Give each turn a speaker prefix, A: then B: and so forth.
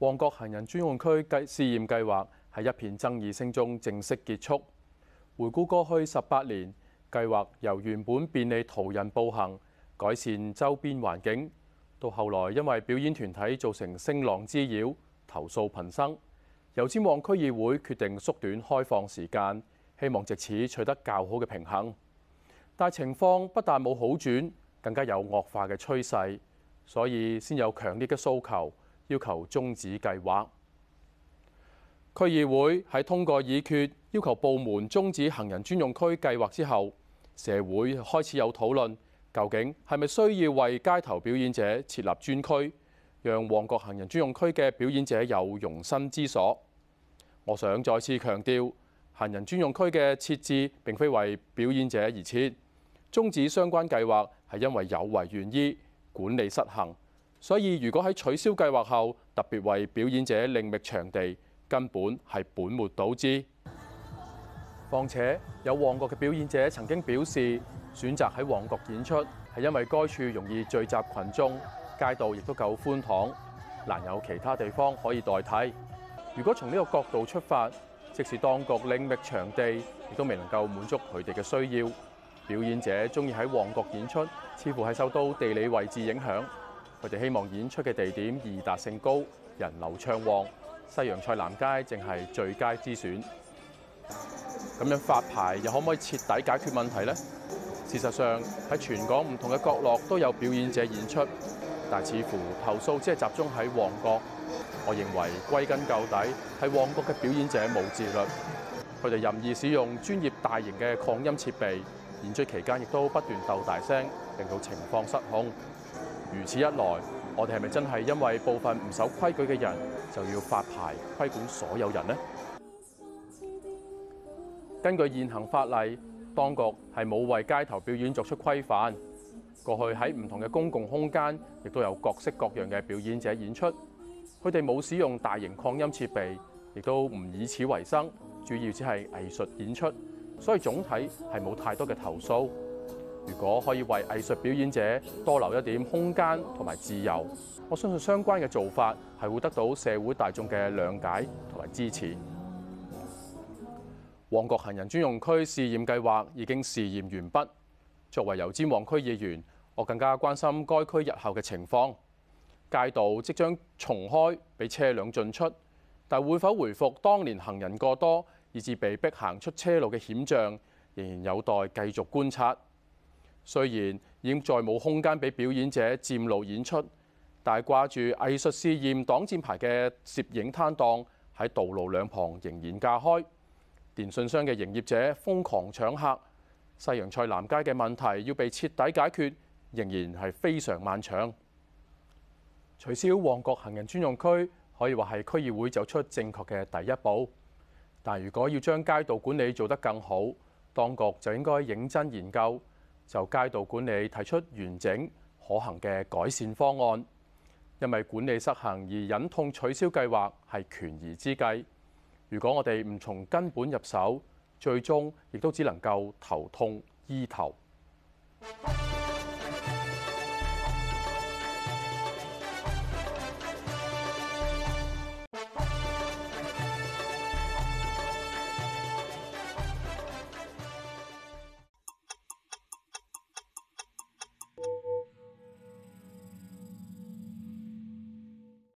A: 旺角行人專用區計試驗計劃喺一片爭議聲中正式結束。回顧過去十八年，計劃由原本便利途人步行、改善周邊環境，到後來因為表演團體造成聲浪滋擾，投訴頻生，油尖旺區議會決定縮短開放時間。希望借此取得較好嘅平衡，但情況不但冇好轉，更加有惡化嘅趨勢，所以先有強烈嘅訴求，要求終止計劃。區議會喺通過議決要求部門終止行人專用區計劃之後，社會開始有討論究竟係咪需要為街頭表演者設立專區，讓旺角行人專用區嘅表演者有容身之所？我想再次強調。行人專用區嘅設置並非為表演者而設，中止相關計劃係因為有違原意、管理失衡。所以如果喺取消計劃後特別為表演者另覓場地，根本係本末倒置。況且有旺角嘅表演者曾經表示，選擇喺旺角演出係因為該處容易聚集群眾，街道亦都夠寬敞，難有其他地方可以代替。如果從呢個角度出發，即使當局另覓場地，亦都未能夠滿足佢哋嘅需要。表演者鍾意喺旺角演出，似乎係受到地理位置影響。佢哋希望演出嘅地點易達性高、人流暢旺。西洋菜南街正係最佳之選。咁樣發牌又可唔可以徹底解決問題呢？事實上喺全港唔同嘅角落都有表演者演出，但似乎投訴只係集中喺旺角。我認為歸根究底係旺角嘅表演者冇自律，佢哋任意使用專業大型嘅擴音設備，演出期間亦都不斷鬥大聲，令到情況失控。如此一來，我哋係咪真係因為部分唔守規矩嘅人，就要發牌規管所有人呢？根據現行法例，當局係冇為街頭表演作出規範。過去喺唔同嘅公共空間，亦都有各式各樣嘅表演者演出。佢哋冇使用大型擴音設備，亦都唔以此為生，主要只係藝術演出，所以總體係冇太多嘅投訴。如果可以為藝術表演者多留一點空間同埋自由，我相信相關嘅做法係會得到社會大眾嘅諒解同埋支持。旺角行人專用區試驗計劃已經試驗完畢，作為油尖旺區議員，我更加關心該區日後嘅情況。街道即將重開，俾車輛進出，但會否回復當年行人過多以致被逼行出車路嘅險象，仍然有待繼續觀察。雖然已經再冇空間俾表演者佔路演出，但係掛住藝術試驗擋箭牌嘅攝影攤檔喺道路兩旁仍然架開。電信商嘅營業者瘋狂搶客，西洋菜南街嘅問題要被徹底解決，仍然係非常漫長。取消旺角行人專用區可以話係區議會走出正確嘅第一步，但如果要將街道管理做得更好，當局就應該認真研究就街道管理提出完整可行嘅改善方案，因為管理失衡而忍痛取消計劃係權宜之計。如果我哋唔從根本入手，最終亦都只能夠頭痛醫頭。